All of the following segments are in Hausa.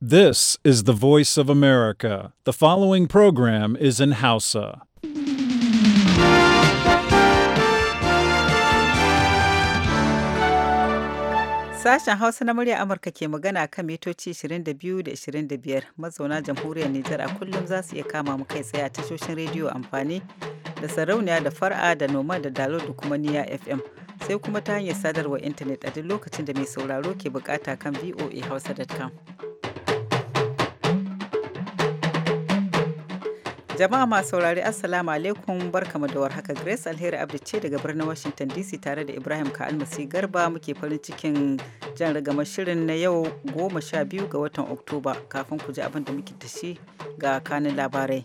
This is the voice of America. The following program is in Hausa. Sashen Hausa na murya Amurka ke magana kan mitoci 22 da 25 mazauna jamhuriyar Nijar a kullum za su iya kama mu kai tsaye a tashoshin rediyo amfani da sarauniya da far'a da noma da dalo da kuma niya FM sai kuma ta hanyar sadarwar intanet a duk lokacin da mai sauraro ke bukata kan VOA Hausa.com. Jama'a masu saurari Assalamu alaikum barkamu da haka Grace Alheri Abdi ce daga birnin Washington DC tare da Ibrahim ka almasi Garba muke farin cikin jan rigamar shirin na yau goma sha biyu ga watan Oktoba kafin ku ji abin da muke tashi ga kanin labarai.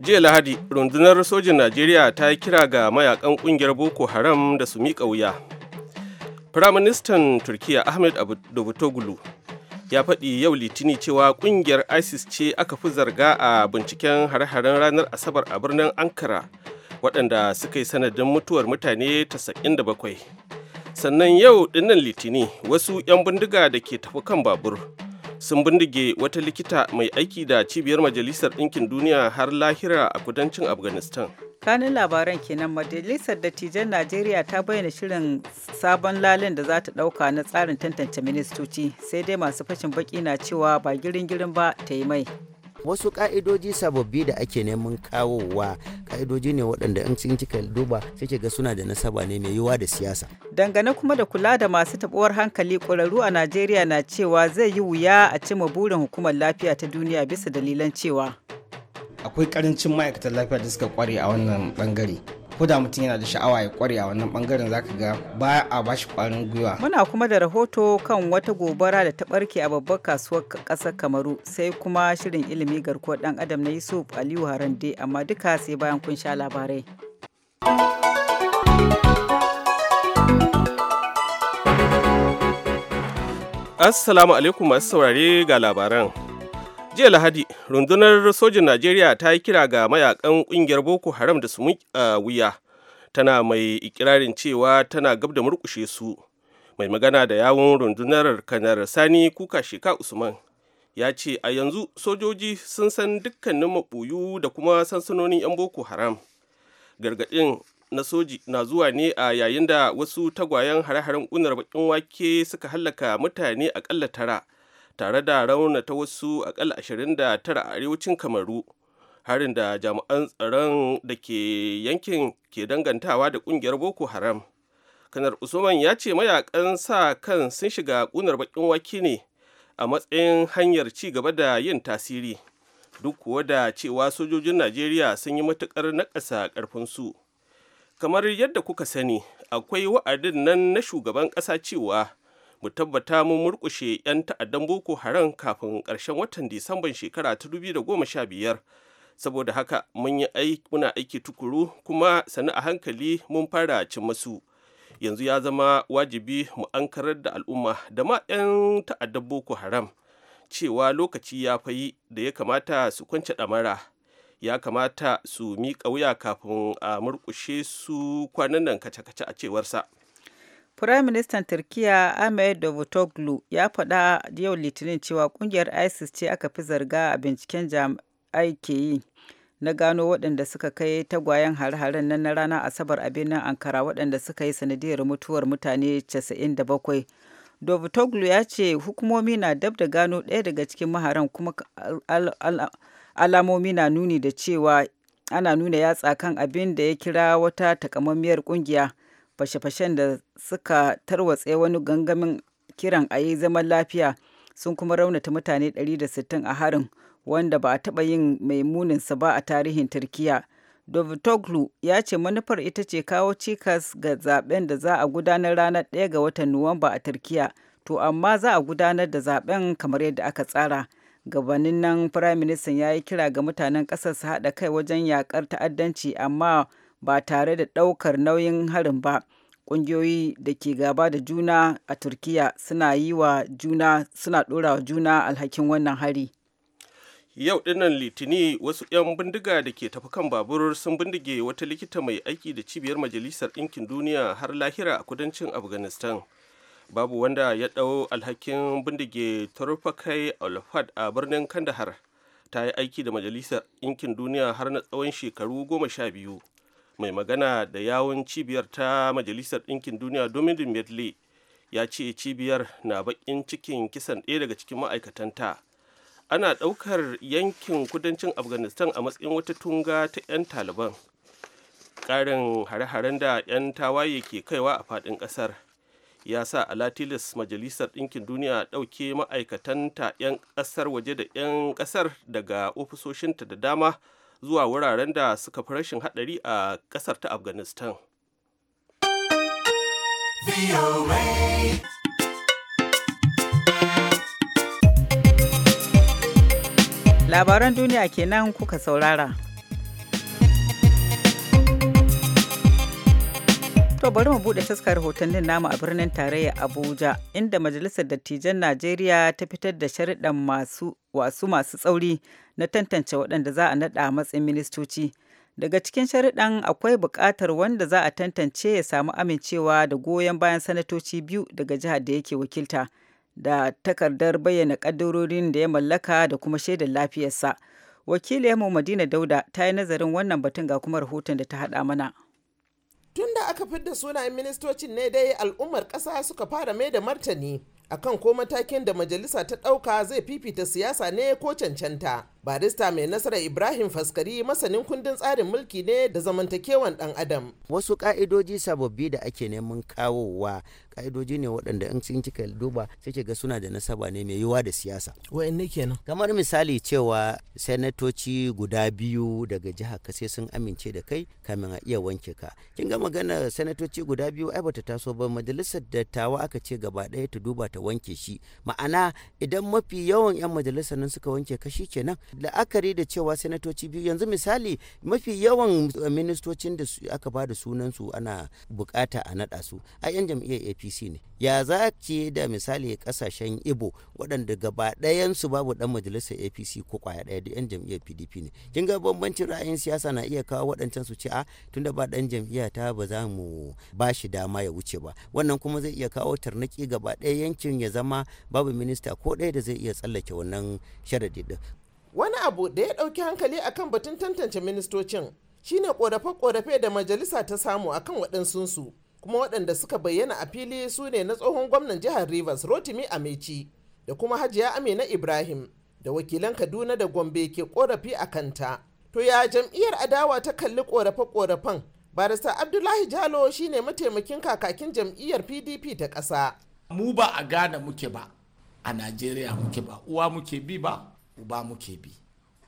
Jiya Lahadi, rundunar sojin Najeriya ta yi kira ga mayakan kungiyar Boko Haram da su miƙa wuya. Firaministan turkiya Ahmed Davutoglu ya faɗi yau litini cewa ƙungiyar isis ce aka fi zarga a binciken hare-haren ranar asabar a birnin ankara waɗanda suka yi sanadin mutuwar mutane da bakwai, sannan yau dinnan litini wasu 'yan bindiga da ke tafi kan babur sun bindige wata likita mai aiki da cibiyar majalisar ɗinkin duniya har lahira a kudancin afghanistan kanin labaran kenan majalisar dattijan najeriya ta bayyana shirin sabon lalin da za ta ɗauka na tsarin tantance ministoci sai dai masu fashin baki na cewa ba girin girin ba ta yi mai wasu ka'idoji sababbi da ake neman kawowa ka'idoji ne waɗanda in sun kika duba sai ga suna da nasaba ne mai yiwuwa da siyasa dangane kuma da kula da masu tabuwar hankali ƙwararru a najeriya na cewa zai yi wuya a cima burin hukumar lafiya ta duniya bisa dalilan cewa akwai karancin ma'aikatan lafiya da suka kware a wannan bangare ko da mutum yana da sha'awa ya kware a wannan bangaren zaka ga ba a bashi kwarin gwiwa muna kuma da rahoto kan wata gobara da ta barke a babbar kasuwar kasar kamaru sai kuma shirin ilimi garkuwa dan adam na yusuf aliyu harande amma duka sai bayan kun sha labarai Assalamu alaikum masu saurare ga labaran. jiya lahadi rundunar sojin najeriya ta yi kira ga mayakan kungiyar boko haram da su wuya tana mai ikirarin cewa tana gab da murkushe su mai magana da yawun rundunar kanar sani kuka sheka usman ya ce a yanzu sojoji sun san dukkanin maɓoyu da kuma sansanonin 'yan boko haram gargaɗin na soji na zuwa ne a yayin da wasu tagwayen hare-haren ƙunar bakin wake suka hallaka mutane aƙalla tara tare da raunata wasu akalla 29 a arewacin kamaru harin da jami'an tsaron da ke yankin ke dangantawa da kungiyar boko haram kanar usman ya ce mayakan sa kan sun shiga kunar bakin wake ne a matsayin hanyar ci gaba da yin tasiri duk kuwa da cewa sojojin najeriya sun yi matukar nakasa karfinsu kamar yadda kuka sani akwai wa'adin nan na shugaban ƙasa cewa mu tabbata mun murkushe 'yan ta'addan boko haram kafin ƙarshen watan disamban shekara ta goma sha 2015 saboda haka muna aiki tukuru kuma sani a hankali mun fara cin masu yanzu ya zama wajibi mu ankarar da al'umma da ma 'yan ta'addan boko haram cewa lokaci ya fayi da ya kamata su kwance ɗamara ya kamata su miƙa wuya kafin a murƙushe su kwanan nan kace-kace a cewarsa. Firaministan Turkiyya Ahmed Davutoglu ya faɗa yau Litinin cewa ƙungiyar ISIS ce aka fi zarga a binciken jami'ai ke yi na gano waɗanda suka kai tagwayen hare-haren nan na ranar Asabar a birnin Ankara waɗanda suka yi sanadiyar mutuwar mutane 97. Davutoglu ya ce hukumomi na dab da gano ɗaya daga cikin maharan kuma alamomi na nuni da cewa ana nuna yatsa kan abin da ya kira wata takamammiyar ƙungiya. fashe-fashen da suka tarwatse wani gangamin kiran a yi zaman lafiya sun kuma raunata mutane 160 a harin wanda ba a taɓa yin mai muninsa ba a tarihin turkiya dovitoglu ya ce manufar ita ce kawo cikas ga zaben da za a gudanar ranar 1 ga watan Nuwamba a Turkiya, to amma za a gudanar da zaben kamar yadda aka tsara. Gabanin nan Firaministan ya yi kira ga mutanen ƙasar su haɗa kai wajen yaƙar ta'addanci amma ba tare da ɗaukar nauyin harin ba ƙungiyoyi da ke gaba da juna a turkiyya suna yi wa juna suna ɗora wa juna alhakin wannan hari yau dinnan litini wasu 'yan bindiga da ke tafi kan babur sun bindige wata likita mai aiki da cibiyar majalisar ɗinkin duniya har lahira a kudancin afghanistan babu wanda ya ɗau alhakin bindige turfakai alfad a birnin kandahar ta yi aiki da majalisar ɗinkin duniya har na tsawon shekaru goma sha biyu mai magana da yawon cibiyar ta majalisar ɗinkin duniya dominic medley ya ce cibiyar na baƙin cikin kisan ɗaya daga cikin ma'aikatanta ana ɗaukar yankin kudancin afghanistan a matsayin wata tunga ta 'yan taliban ƙarin hare-haren da 'yan tawaye ke kaiwa a faɗin ƙasar ya sa alatilis majalisar ɗinkin duniya ɗauke ma'aikatanta 'yan ƙasar waje da 'yan ƙasar daga ofisoshinta da dama zuwa wuraren da suka fi rashin haɗari a ƙasar ta afghanistan labaran duniya kenan kuka saurara To bari mu buɗe taskar rahotannin namu a birnin tarayya Abuja inda Majalisar Dattijan Najeriya ta fitar da sharuɗan masu wasu masu tsauri na tantance waɗanda za a naɗa a matsayin ministoci. Daga cikin sharuɗan akwai buƙatar wanda za a tantance ya samu amincewa da goyon bayan sanatoci biyu daga jihar da yake wakilta da takardar bayyana ƙaddarorin da ya mallaka da kuma shaidar lafiyarsa. mu Madina Dauda ta yi nazarin wannan batun ga kuma rahoton da ta haɗa mana. tun da aka fidda sunayen ministocin ne dai al'ummar ƙasa suka fara mai da martani akan ko matakin da majalisa ta ɗauka zai fifita siyasa ne ko cancanta barista mai nasarar ibrahim faskari masanin kundin tsarin mulki ne da zamantakewan dan adam wasu ka'idoji sababbi da ake neman kawowa ka'idoji ne waɗanda in sun kika duba sai ga suna da nasaba ne mai yiwa da siyasa wa'anne kenan kamar misali cewa sanatoci guda biyu daga jiha ka sai sun amince da kai kamin a iya wanke ka kin ga magana sanatoci guda biyu ai bata taso ba majalisar dattawa aka ce gaba ɗaya ta duba ta wanke shi ma'ana idan mafi yawan 'yan majalisar nan suka wanke ka shi kenan la'akari da cewa sanatoci biyu yanzu misali mafi yawan eh, ministocin da aka ba da sunansu ana bukata a naɗa su a 'yan jam'iyyar apc ne ya za ce da misali kasashen ibo waɗanda gaba ɗayansu babu ɗan majalisar apc ko kwaya ɗaya da 'yan jam'iyyar pdp ne kin ga bambancin ra'ayin siyasa na iya kawo waɗancan su ce a ah, tunda ba ɗan jam'iyya ta ba za mu ba shi dama ya wuce ba wannan kuma zai iya kawo tarnaki gaba ɗaya yankin ya zama babu minista ko ɗaya da zai iya tsallake wannan sharadi din wani abu da ya ɗauki hankali akan batun tantance ministocin shine ƙorafe korafe da majalisa ta samu a akan waɗansunsu kuma waɗanda suka bayyana a fili su ne na tsohon gwamnan jihar rivers rotimi a Meci da kuma hajiya amina ibrahim da wakilan kaduna da gombe ke ƙorafi a kanta to ya jam'iyyar adawa ta kalli korafe-korafen barista abdullahi jalo shine mataimakin kakakin jam'iyyar pdp ta ƙasa mu ba a gane muke ba a najeriya muke ba uwa muke bi ba uba muke bi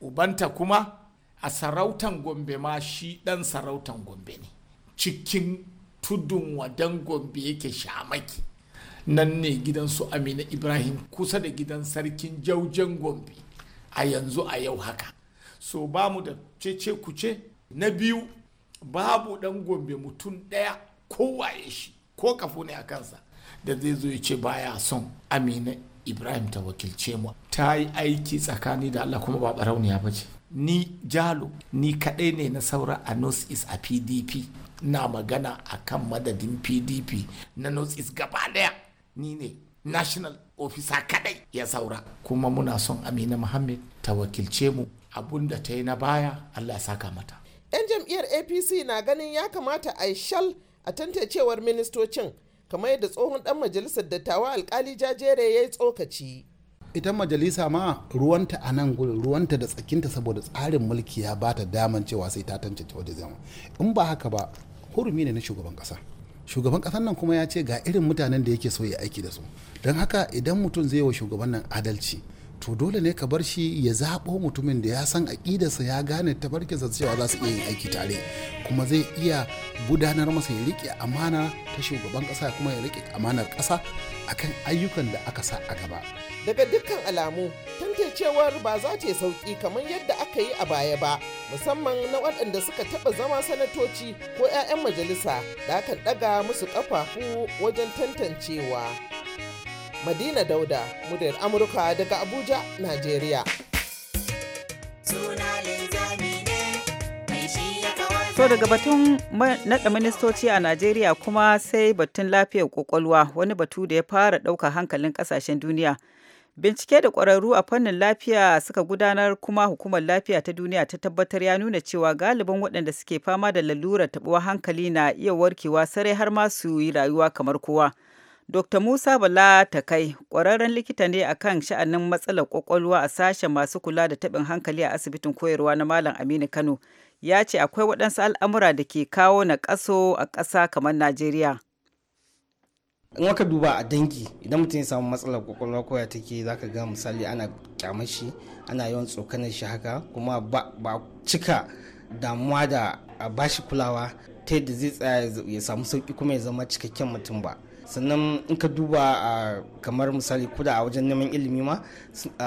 ubanta kuma a sarautan gombe ma shi ɗan sarautan gombe ne cikin tudun wadan gombe yake shamaki nan ne gidansu amina ibrahim kusa da gidan sarkin jaujen gombe a yanzu a yau haka so ba mu da cece kuce na biyu babu ɗan gombe mutum ɗaya kowaye shi ko kafo ne a kansa da zai zo ya ce baya son amina ibrahim ta wakilce mu ta yi aiki tsakani da allah kuma ba barauniya ba ce ni jalo ni kaɗai ne na saura a north east a pdp na magana a kan madadin pdp na north east gaba daya ni ne national officer kaɗai ya saura kuma muna son amina muhammad ta wakilce mu abun da ta yi na baya allah ya saka mata 'yan jam'iyyar apc na ganin ya kamata a shal a tantancewar ministocin kamar yadda tsohon dan majalisar dattawa alkali jajere ya yi tsokaci ita majalisa ma ruwanta a nan gudu ruwanta da tsakinta saboda tsarin mulki ya ba ta daman cewa sai ta tantance waje zama in ba haka ba hurumi ne na shugaban kasa shugaban kasan nan kuma ya ce ga irin mutanen da yake so ya aiki da su don haka idan mutum zai wa shugaban nan adalci to dole ne ka bar shi ya zaɓo mutumin da ya san aƙidarsa ya gane tabarkinsa cewa za su iya yin aiki tare kuma zai iya gudanar masa ya riƙe amana ta shugaban ƙasa kuma ya riƙe amanar ƙasa akan ayyukan da aka sa a gaba daga dukkan alamu tantancewar ba za yi sauƙi kamar yadda aka yi a baya ba musamman na waɗanda suka taɓa zama sanatoci ko 'ya'yan majalisa da aka ɗaga musu ƙafafu wajen tantancewa. Madina Dauda, muryar Amurka daga Abuja, Najeriya. To daga batun naɗa ministoci a Najeriya kuma sai batun lafiyar kwakwalwa wani batu da ya fara ɗauka hankalin ƙasashen duniya. Bincike da ƙwararru a fannin lafiya suka gudanar kuma hukumar lafiya ta duniya ta tabbatar ya nuna cewa galibin waɗanda suke fama da lalurar taɓuwar hankali na iya warkewa sarai har ma su yi rayuwa kamar kowa. Dr. Musa Bala Takai, ƙwararren likita ne a kan sha'anin matsalar ƙwaƙwalwa a sashen masu kula da taɓin hankali a asibitin koyarwa na Malam Aminu Kano, ya ce akwai waɗansu al'amura da ke kawo na ƙaso a ƙasa kamar Najeriya. in aka duba a dangi idan mutum ya samu matsalar kwakwalwa koya take za ka ga misali ana kyamar shi ana yawan tsokanar shi haka kuma ba cika damuwa da a bashi kulawa ta yadda zai tsaya ya samu sauki kuma ya zama cikakken mutum ba sannan in ka duba a kamar misali kuda a wajen neman ilimi ma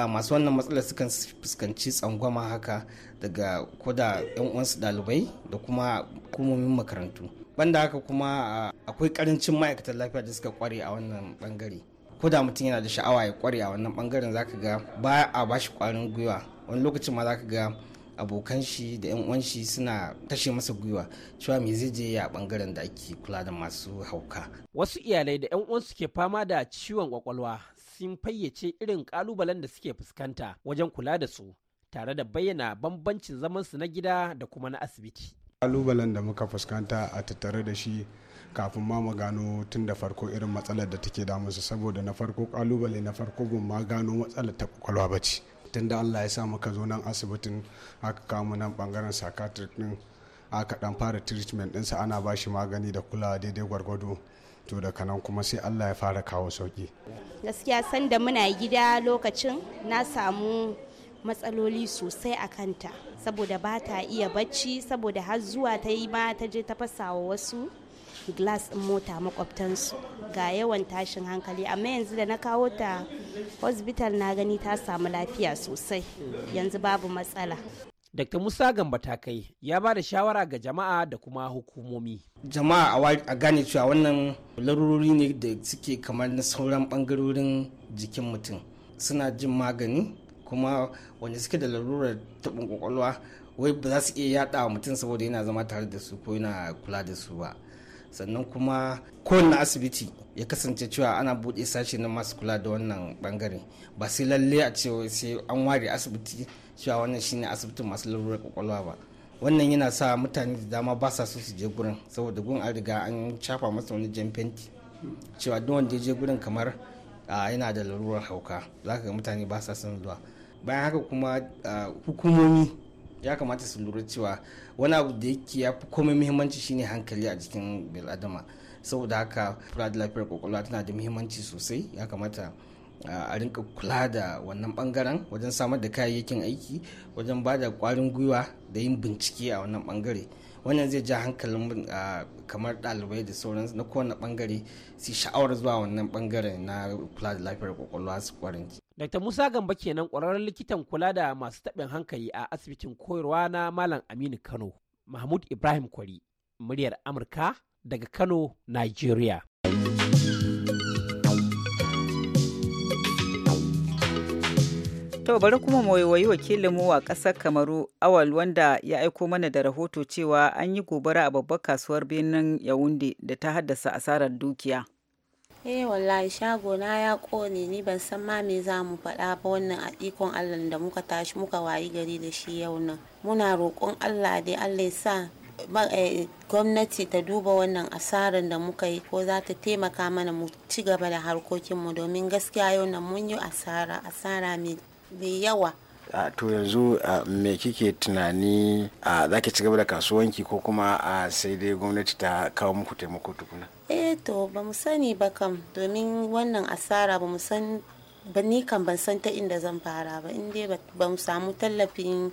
masu wannan matsalar sukan fuskanci tsangwama haka daga kuda yan uwansu dalibai da kuma hukumomin makarantu banda haka kuma akwai karancin ma'aikatan lafiya da suka kware a wannan bangare ko da mutum yana da sha'awa ya kware a wannan bangaren zaka ga ba a bashi kwarin gwiwa wani lokacin ma zaka ga abokan shi da 'yan uwan shi suna kashe masa gwiwa cewa me zai je a bangaren da ake kula da masu hauka wasu iyalai da 'yan uwansu ke fama da ciwon kwakwalwa sun fayyace irin kalubalen da suke fuskanta wajen kula da su tare da bayyana bambancin zaman su na gida da kuma na asibiti kalubalen da muka fuskanta a tattare da shi kafin ma mu gano tun da farko irin matsalar da take su saboda na farko kalubale na farko ban ma gano matsalar ta kwakwalwa bace. tunda allah ya sa muka zo nan asibitin aka kawo nan bangaren psychiatric din aka dan fara treatment dinsa ana ba shi magani da kulawa daidai gwargwado to daga nan kuma sai allah ya fara kawo sauki gaskiya sanda muna gida lokacin na samu matsaloli sosai a kanta saboda ba ta iya bacci saboda har zuwa ta yi ma ta je ta fasa wa wasu glass ɗin mota makwabtansu ga yawan tashin hankali amma yanzu da na kawo ta hospital na gani ta samu lafiya sosai yanzu babu matsala Dr. Musa Gambatakai ya ba da shawara ga jama'a da kuma hukumomi. Jama'a a gane cewa wannan larurori ne da suke kamar na sauran bangarorin jikin mutum. Suna jin magani kuma wanda suke da larurar taɓin kwakwalwa wai ba za su iya yaɗa wa mutum saboda yana zama tare da su ko yana kula da su ba. sannan kuma kowane asibiti ya kasance cewa ana buɗe sashe na masu kula da wannan bangare ba sai lalle a cewa sai an ware asibiti cewa wannan shine asibitin masu lalurar kwakwalwa ba wannan yana sa mutane da dama ba sa so su je gurin saboda gun an riga an shafa masa wani jan fenti cewa duk wanda ya je gurin kamar yana da larurar hauka zaka ga mutane ba sa son zuwa bayan haka kuma hukumomi ya kamata su lura cewa wani abu da yake ya fi komai muhimmanci shine hankali a jikin bil'adama saboda haka kula da lafiyar kwakwalwa tana da muhimmanci sosai ya kamata a rinka kula da wannan bangaren wajen samar da kayayyakin aiki wajen ba da kwarin gwiwa da yin bincike a wannan bangare wannan zai ja hankalin kamar ɗalibai da sauran na kowane bangare su sha'awar zuwa wannan bangare na kula da lafiyar kwakwalwa su kwaranci Dr. Musa Gamba kenan ƙwararren likitan kula da masu taɓin hankali a asibitin koyarwa na Malam Aminu Kano, Mahmud Ibrahim Kwari, muryar Amurka daga Kano, Nigeria. To bari kuma mu waiwayi wakilinmu a ƙasar Kamaru awal wanda ya aiko mana da rahoto cewa an yi gobara a babbar kasuwar birnin Yaounde da ta haddasa asarar dukiya. Eh wallahi na ya kone ni ban san ma me za mu faɗa ba wannan a ikon Allah da muka tashi muka wayi gari da shi yau nan. Muna roƙon Allah dai Allah ya sa eh, gwamnati ta duba wannan asarar da muka yi ko za ta taimaka mana mu ci gaba da harkokinmu domin gaskiya yau nan mun yi asara asara mai yawa. a to yanzu me kike tunani a za ci gaba da kasuwanki ko kuma sai dai gwamnati ta kawo muku taimako tukuna? Eh Eh to ba mu sani ba kam domin wannan asara ba mu san ba ni kan ban san ta inda zan fara ba inda dai ba mu samu tallafin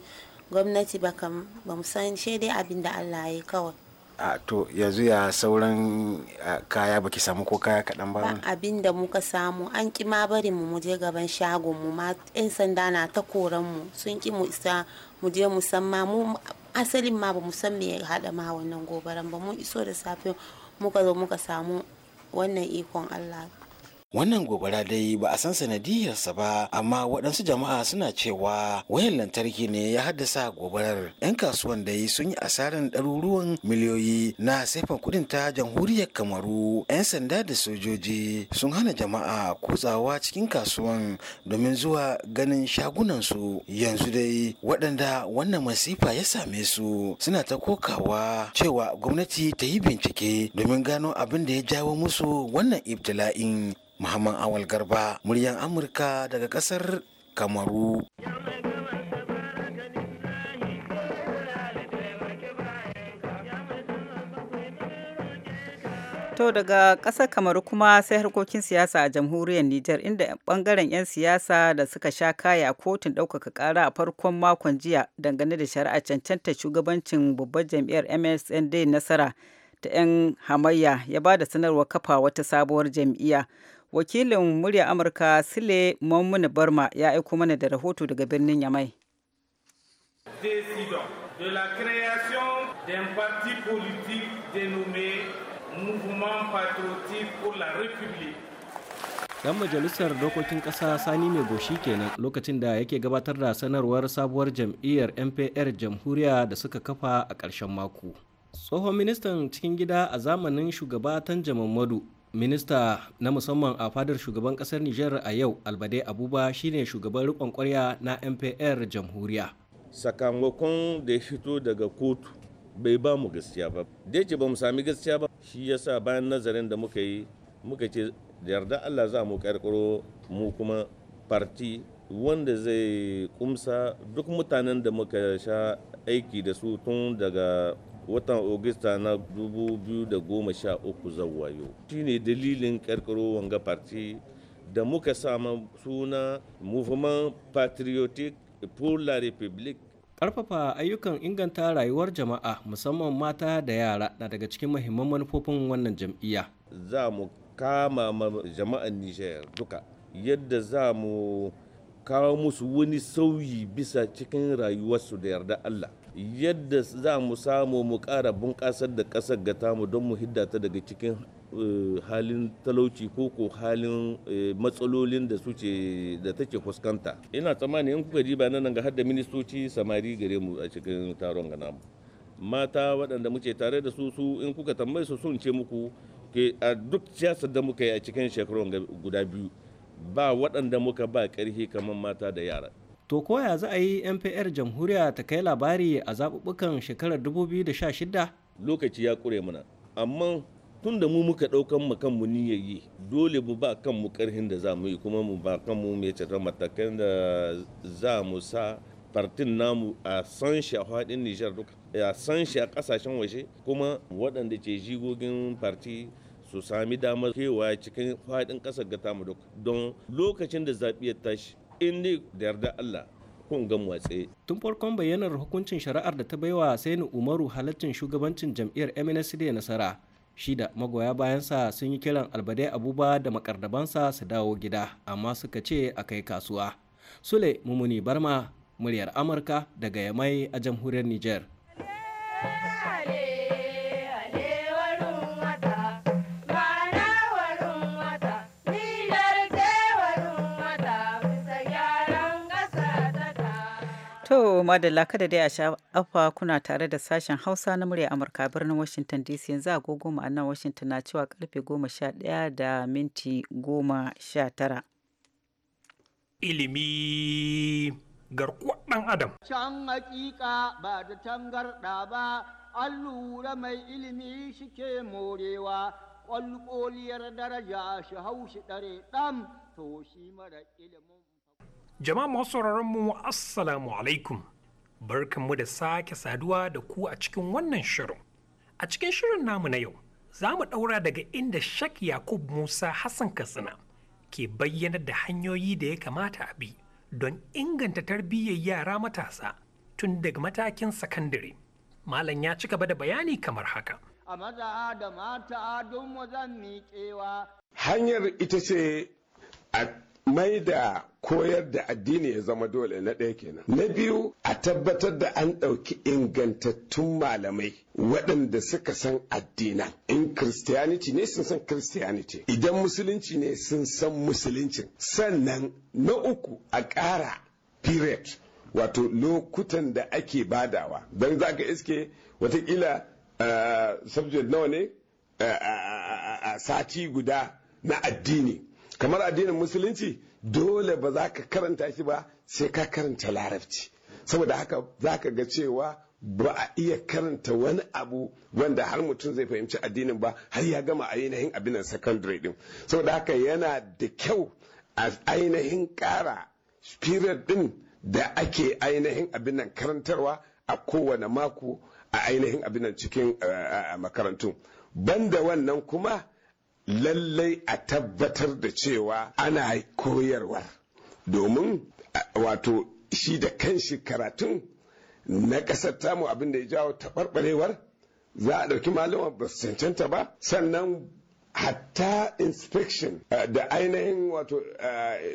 gwamnati ba kam ba mu san shi dai abin da Allah ya kawai a to yanzu ya sauran kaya baki samu ko kaya kaɗan ba abin da muka samu an ki ma bari mu je gaban shagon mu ma yan sanda na ta koran mu sun ki mu isa mu je mu ma mu asalin ma ba mu san me ya haɗa ma wannan gobaran ba mun iso da safe muka zo muka samu wannan ikon Allah wannan gobara dai ba a san sanadiyarsa ba amma waɗansu jama'a suna cewa wayan lantarki ne ya haddasa gobarar yan kasuwan dai sun yi asarar ɗaruruwan miliyoyi na saifan kuɗin ta jamhuriyar kamaru yan sanda da sojoji sun hana jama'a kutsawa cikin kasuwan domin zuwa ganin shagunansu yanzu dai waɗanda wannan masifa ya same su suna ta kokawa cewa gwamnati ta yi bincike domin gano abin da ya jawo musu wannan ibtila'in Muhammad Awal Garba, muryan Amurka daga kasar Kamaru. To daga kasar Kamaru kuma sai harkokin siyasa a jamhuriyar Nijar inda bangaren 'yan siyasa da suka sha kaya a kotun ɗaukaka ƙara a farkon makon jiya dangane da shari'a cancanta shugabancin babbar jam'iyyar MSND nasara ta 'yan hamayya ya ba da sanarwar kafa wata sabuwar jam'iyya. wakilin murya amurka sile mammuna barma ya aiko mana da rahoto daga birnin yamai Dan majalisar dokokin kasa Sani mai goshi kenan lokacin da yake gabatar da sanarwar sabuwar jam'iyyar MPR jamhuriya da suka kafa a ƙarshen mako. Tsohon ministan cikin gida a zamanin shugaba Tanja Mamadu Minista na musamman a fadar shugaban kasar Nijar a yau Albade Abuba shine shugaban rikon kwarya na MPR jamhuriya. Sakamakon da ya fito daga kotu bai ba mu gaskiya ba. Da ce ba mu sami gaskiya ba shi yasa bayan nazarin da muka yi muka ce da yarda Allah za mu karkaro mu kuma parti wanda zai kumsa duk mutanen da muka sha aiki da su tun daga watan Augusta na 2013 zawayo. Shi ne dalilin karkaro wanga parti da muka sama suna Movement Patriotic pour la République. Karfafa ayyukan inganta rayuwar jama'a musamman mata da yara na daga cikin mahimman manufofin wannan jam'iyya. Za mu kama jama'an Niger duka yadda za mu kawo musu wani sauyi bisa cikin rayuwarsu da yarda Allah. yadda za mu samu mu ƙara bunƙasar da ƙasar ga tamu don mu hidda ta daga cikin eh, halin talauci ko ko halin eh, matsalolin da su ce da take fuskanta ina tsammani in kuka diba nan ga hadda ministoci samari gare mu a cikin taron ga namu mata waɗanda muke tare da su su in kuka tambaye su sun ce muku ke a duk siyasar da muka yi a cikin shekarun guda biyu ba waɗanda muka ba ƙarfi kamar mata da yara To koya za a yi NPR jamhuriya ta kai labari a zaɓuɓɓukan shekarar 2016? Lokaci ya ƙure mana, amma tun da mu muka ɗaukan mu kanmu niyyar yi dole mu ba kanmu ƙarhin da za mu yi kuma mu ba kanmu mai cata matakan da za mu sa fartin namu a san shi a faɗin Nijar duka, a san shi a ƙasashen waje kuma waɗanda ke jigogin farti su sami damar kewa cikin faɗin ƙasar ga tamu duka don lokacin da zaɓi ya tashi in dai da yarda Allah kun gan watse. Tun farkon bayyanar hukuncin shari'ar da ta baiwa Sainu Umaru halaccin shugabancin jam'iyyar MNSD nasara. Shi da magoya bayansa sun yi kiran albadai abuba da makardabansa su dawo gida amma suka ce a kai kasuwa. Sule Mumuni Barma, muryar Amurka daga Yamai a jamhuriyar Nijar. da madalla kada dai a sha afa kuna tare da sashen Hausa na murya Amurka birnin Washington DC yanzu agogo mu nan Washington na cewa karfe 11 da minti 19. Ilimi garkuwar dan Adam. Can hakika ba da tangarɗa ba, allura mai ilimi shike morewa, kwalkoliyar daraja shi haushi ɗare ɗam, to shi mara ilimin Jama'a masu mu Assalamu alaikum. Barkanmu da sake saduwa da ku a cikin wannan shirin. A cikin shirin namu na yau, za mu ɗaura daga inda Shak Yakub Musa Hassan Katsina ke bayyana da hanyoyi da ya kamata a bi don inganta tarbiyyar yara matasa tun daga matakin sakandare. Malam ya ci gaba da bayani kamar haka. A maza da mata don mu zan miƙewa. Hanyar ita ce a mai da koyar da addini ya zama dole na ɗaya kenan. Na biyu a tabbatar da an ɗauki ingantattun malamai waɗanda suka san addinan. In Christianity ne sun san Christianity, idan Musulunci ne sun san musulunci, Sannan na uku a ƙara period wato lokutan da ake badawa. Don za ka iske watakila subject nawa ne a sati guda na addini. kamar addinin musulunci dole ba za ka karanta shi ba sai ka karanta larabci saboda haka za ka ga cewa ba a iya karanta wani abu wanda har mutum zai fahimci addinin ba har ya gama ainihin abin nan secondary din saboda haka yana da kyau a ainihin kara spirit din da ake ainihin abin nan karantarwa a kowane mako a ainihin abin nan cikin eh, makarantu banda wannan kuma lallai a tabbatar da cewa ana koyarwa domin wato shi da kanshi karatun na ƙasar tamu abin ya jawo taɓarɓarewar za a ɗauki malama ba su cancanta ba sannan hatta inspection da ainihin wato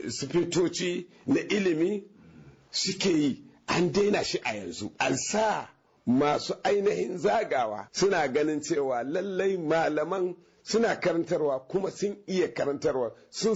sifitoci na ilimi suke yi an daina shi a yanzu an sa masu ainihin zagawa suna ganin cewa lallai malaman suna karantarwa kuma sun iya karantarwa sun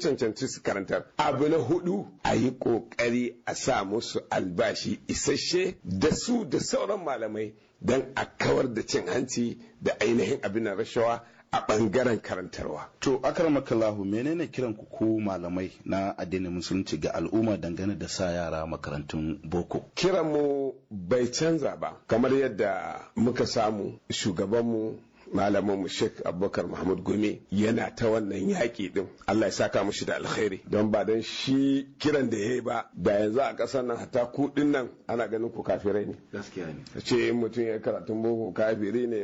cancanci su karantar abu na hudu a yi kokari a sa musu albashi isasshe da su da sauran malamai don a kawar da cin hanci da ainihin abin rashawa a ɓangaren karantarwa. To makalahu menene kiran ku ko malamai na addinin musulunci ga al'umma dangane da sa yara makarantun boko? Kiranmu bai canza ba kamar yadda muka samu shugabanmu malamin mu Sheikh Abubakar Mahmud gume yana ta wannan yaƙi din Allah ya saka mushi da alkhairi don ba dan shi kiran da yayi ba da yanzu a ƙasar nan hatta ku din nan ana ganin ku kafirai ne gaskiya ne ce mutum ya karatun boko kafiri ne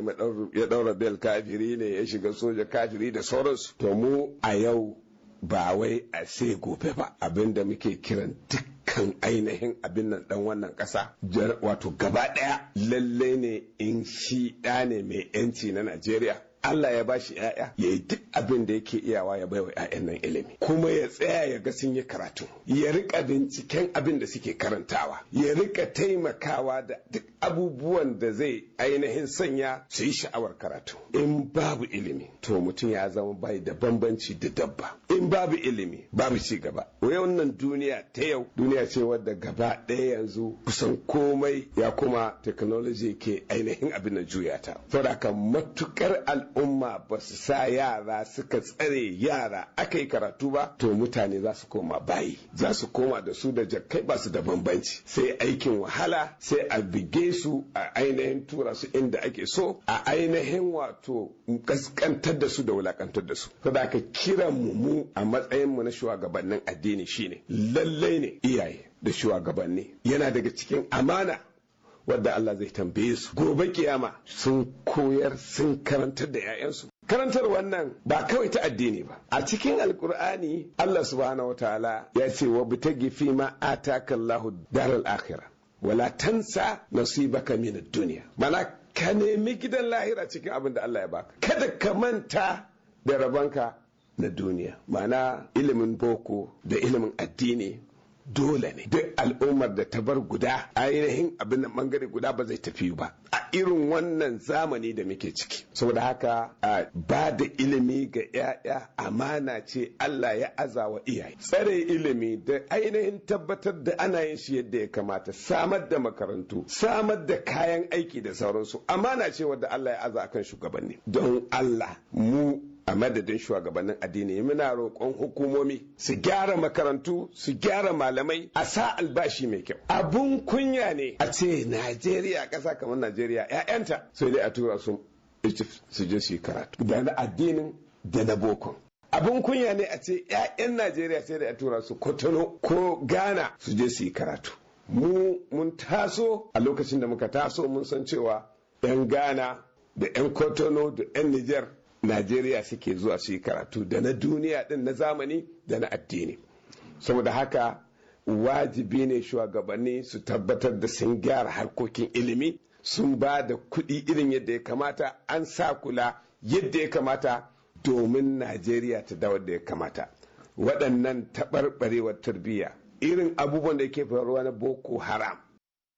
ya daura bel kafiri ne ya shiga soja kafiri da sauransu to mu a yau ba wai a sai gobe ba abinda muke kiran dukkan ainihin abin nan dan wannan kasa wato gaba daya lalle ne in shi ɗa ne mai yanci na najeriya Allah ya bashi ‘ya'ya ya yi duk abin da yake iyawa ya baiwa ‘ya'yan nan ilimi kuma ya tsaya ya ga sun yi karatu ya rika binciken abin da suke karantawa ya rika taimakawa da duk abubuwan da zai ainihin sanya su yi sha'awar karatu in babu ilimi to mutum ya zama bai da bambanci da dabba in babu ilimi babu ci gaba wannan duniya ta yau duniya ce wadda gaba ɗaya yanzu kusan komai ya kuma technology ke ainihin abin da juya ta saboda matukar al al'umma ba su sa yara suka tsare yara aka yi karatu ba to mutane za su koma bayi za su koma da su da jakai ba su da bambanci sai aikin wahala sai a bige su a ainihin tura su inda ake so a ainihin wato kaskantar da su da wulakantar da su saboda ka kiran mu mu a matsayin mu na shugabannin addini shine lallai ne iyaye da shugabanni yana daga cikin amana wadda Allah zai tambaye su gobe kiyama sun koyar sun karantar da 'ya'yansu karantar wannan ba kawai ta addini ba a cikin alkur'ani Allah subhanahu ta'ala ya ce wa bitagi fi ma ataka Allahu daral akhirah wala tansa nasibaka min ad-dunya mana ka nemi gidan lahira cikin abin da Allah ya baka kada ka manta da rabanka na duniya mana ilimin boko da ilimin addini dole ne duk al'ummar da ta bar guda ainihin abin nan bangare guda ba zai tafi ba a irin wannan zamani da muke ciki saboda haka ba da ilimi ga 'ya'ya amana ce Allah ya aza wa iyaye tsare ilimi da ainihin tabbatar da ana yin shi yadda ya kamata samar da makarantu samar da kayan aiki da sauransu amana ce wadda Allah ya aza kan shugabanni don Allah mu a madadin shugabannin addini muna roƙon hukumomi su gyara makarantu su gyara malamai a sa albashi mai kyau abun kunya ne a ce najeriya ƙasa kamar najeriya 'ya'yanta sai dai a tura su su je su yi karatu da na addinin da na boko. Abun kunya ne a ce 'ya'yan najeriya sai dai a tura su kotono ko ghana su je su yi karatu mu mun taso a lokacin da muka taso mun san cewa 'yan ghana da 'yan kotono da 'yan niger najeriya suke zuwa su yi karatu da na duniya din na zamani da na addini saboda haka wajibi ne shugabanni su tabbatar da sun gyara harkokin ilimi sun ba da kuɗi irin yadda ya kamata an sa kula yadda ya kamata domin najeriya ta dawo da ya kamata waɗannan taɓarɓarewar tarbiyya irin abubuwan da ke faruwa na boko haram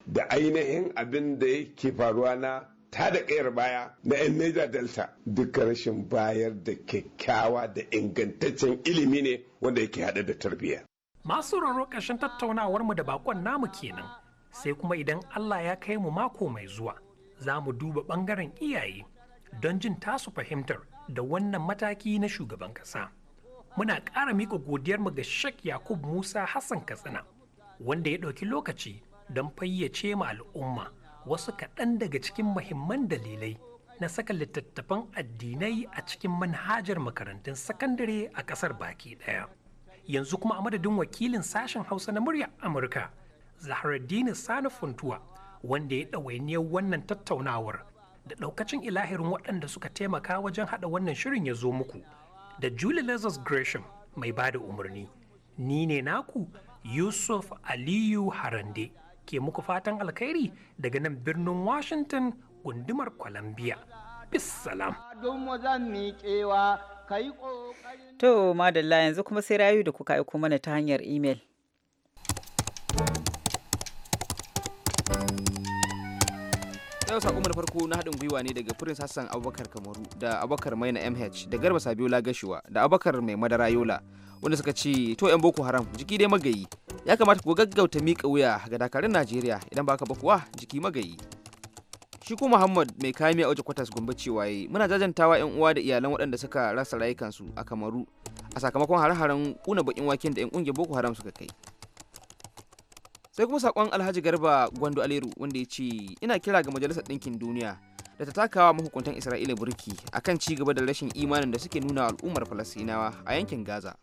da ainihin abin da yake faruwa na ta da kayar baya na 'yan Niger Delta duka rashin bayar da kyakkyawa da ingantaccen ilimi ne wanda yake hada da tarbiyya. Masu roro ƙarshen tattaunawar mu da bakon namu kenan sai kuma idan Allah ya kai mu mako mai zuwa za mu duba ɓangaren iyaye don jin tasu fahimtar da wannan mataki na shugaban ƙasa. Muna ƙara miƙa mu ga Sheikh Yakub Musa Hassan Katsina wanda ya ɗauki lokaci don fayyace ma al'umma. wasu kaɗan daga cikin mahimman dalilai na saka littattafan addinai a cikin manhajar makarantun sakandare a ƙasar baki ɗaya. Yanzu kuma a madadin wakilin sashen Hausa na murya Amurka, Zaharaddini Sani Funtuwa, wanda ya ɗawainiyar wannan tattaunawar da ɗaukacin ilahirin waɗanda suka taimaka wajen haɗa wannan shirin ya zo muku, da Julie Lazarus Gresham mai ba da umarni. Ni ne naku Yusuf Aliyu Harande. ke muku fatan alkhairi daga nan birnin Washington gundumar Columbia. Bissalam. To, madalla yanzu kuma sai rayu da kuka aiko mana ta hanyar imel. yau sakon na farko na haɗin gwiwa ne daga Prince Hassan Abubakar Kamaru da Abubakar Maina MH da Garba Sabiola Gashuwa da Abubakar Mai Madara Yola wanda suka ce to yan Boko Haram jiki dai magayi ya kamata ku gaggauta miƙa wuya ga dakarun Najeriya idan baka ba kuwa jiki magayi. shi ko muhammad mai kayan miya waje kwatas gombe cewa yi muna jajantawa yan uwa da iyalan waɗanda suka rasa rayukansu a kamaru a sakamakon hare-haren kuna bakin waken da yan kungiyar boko haram suka kai sai kuma sakon alhaji garba gwando aleru wanda ya ce ina kira ga majalisar ɗinkin duniya da ta takawa mahukuntan isra'ila burki akan ci gaba da rashin imanin da suke nuna al'ummar falasinawa a yankin gaza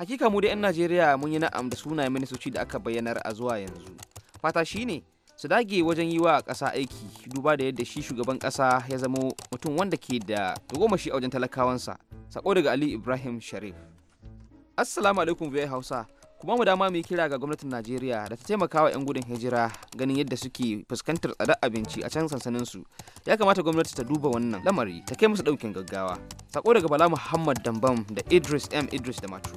hakika mu da 'yan najeriya mun yi na'am da suna ministoci da aka bayyanar a zuwa yanzu fata shine su dage wajen yi wa ƙasa aiki duba da yadda shi shugaban ƙasa ya zamo mutum wanda ke da goma shi a wajen talakawansa sako daga ali ibrahim sharif assalamu alaikum biyai hausa kuma mu dama mu yi kira ga gwamnatin najeriya da ta taimaka wa 'yan gudun hijira ganin yadda suke fuskantar tsadar abinci a can sansanin su ya kamata gwamnati ta duba wannan lamari ta kai musu daukin gaggawa sako daga bala muhammad dambam da idris m idris da matu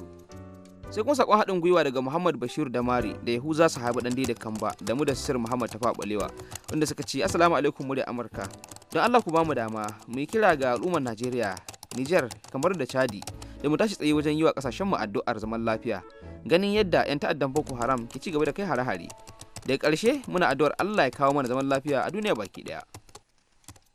sai kuma sakon haɗin gwiwa daga muhammad bashir damari da yahuza sahabi dan da kamba da mu da sir muhammad tafa balewa wanda suka ce assalamu alaikum da amurka don allah ku mu dama mu yi kira ga al'ummar najeriya niger kamar da chadi da mu tashi tsaye wajen yi wa kasashen mu addu'ar zaman lafiya ganin yadda 'yan ta'addan boko haram ke ci gaba da kai hare-hare daga ƙarshe muna addu'ar Allah ya kawo mana zaman lafiya a duniya baki ɗaya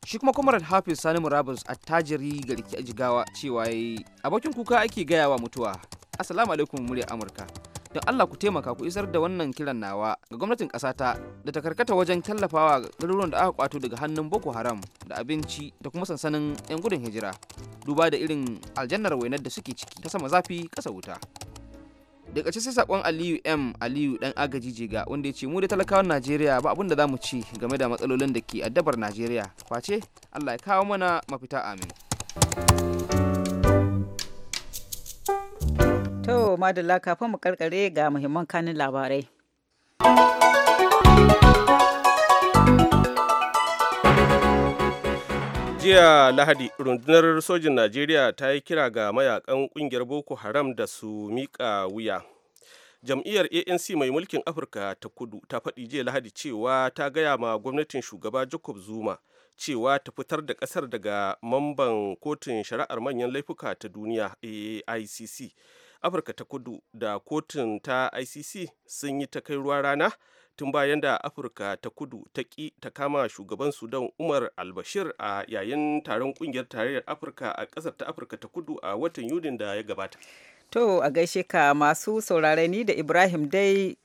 shi kuma comrade hafiz sani murabus attajiri garki jigawa cewa yayi abokin kuka ake gaya wa mutuwa assalamu alaikum murya amurka don Allah ku taimaka ku isar da wannan kiran nawa ga gwamnatin ta da ta karkata wajen tallafawa garuruwan da aka kwato daga hannun Boko Haram da abinci da kuma sansanin 'yan gudun hijira duba da irin aljannar wainar da suke ciki ta sama zafi ƙasa wuta. daga ce sai sakon aliyu m aliyu ɗan agaji jega wanda ya ce mu da talakawan najeriya ba abin da za mu ci game da matsalolin da ke addabar najeriya face allah ya kawo mana mafita amin To, Madalla, kafin mu karkare ga muhimman kanin labarai. jiya lahadi rundunar sojin najeriya ta yi kira ga mayakan kungiyar boko haram da su mika wuya jam'iyyar anc mai mulkin afirka ta kudu ta faɗi jiya lahadi cewa ta gaya ma gwamnatin shugaba jacob zuma cewa ta fitar da ƙasar daga mamban kotun shari'ar manyan laifuka ta duniya aicc afirka ta kudu da kotun ta icc sun yi ta kai ruwa rana tun bayan da afirka ta kudu ta ki ta kama shugaban sudan umar albashir a yayin taron kungiyar tarayyar afirka a kasar ta afirka ta kudu a watan yunin da ya gabata to a gaishe ka masu saurare ni da ibrahim dai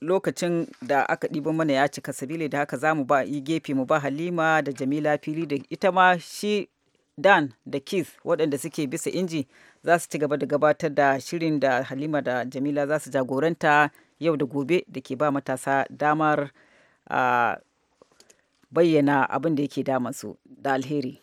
lokacin da aka ɗibo mana ya cika sabili da haka za mu ba yi gefe mu ba halima da jamila fili da ita ma shi dan da keith waɗanda suke bisa inji za su ci gaba da gabatar da shirin da halima da jamila za su jagoranta yau da gobe da ke ba matasa damar ah, bayyana abin da yake damansu da alheri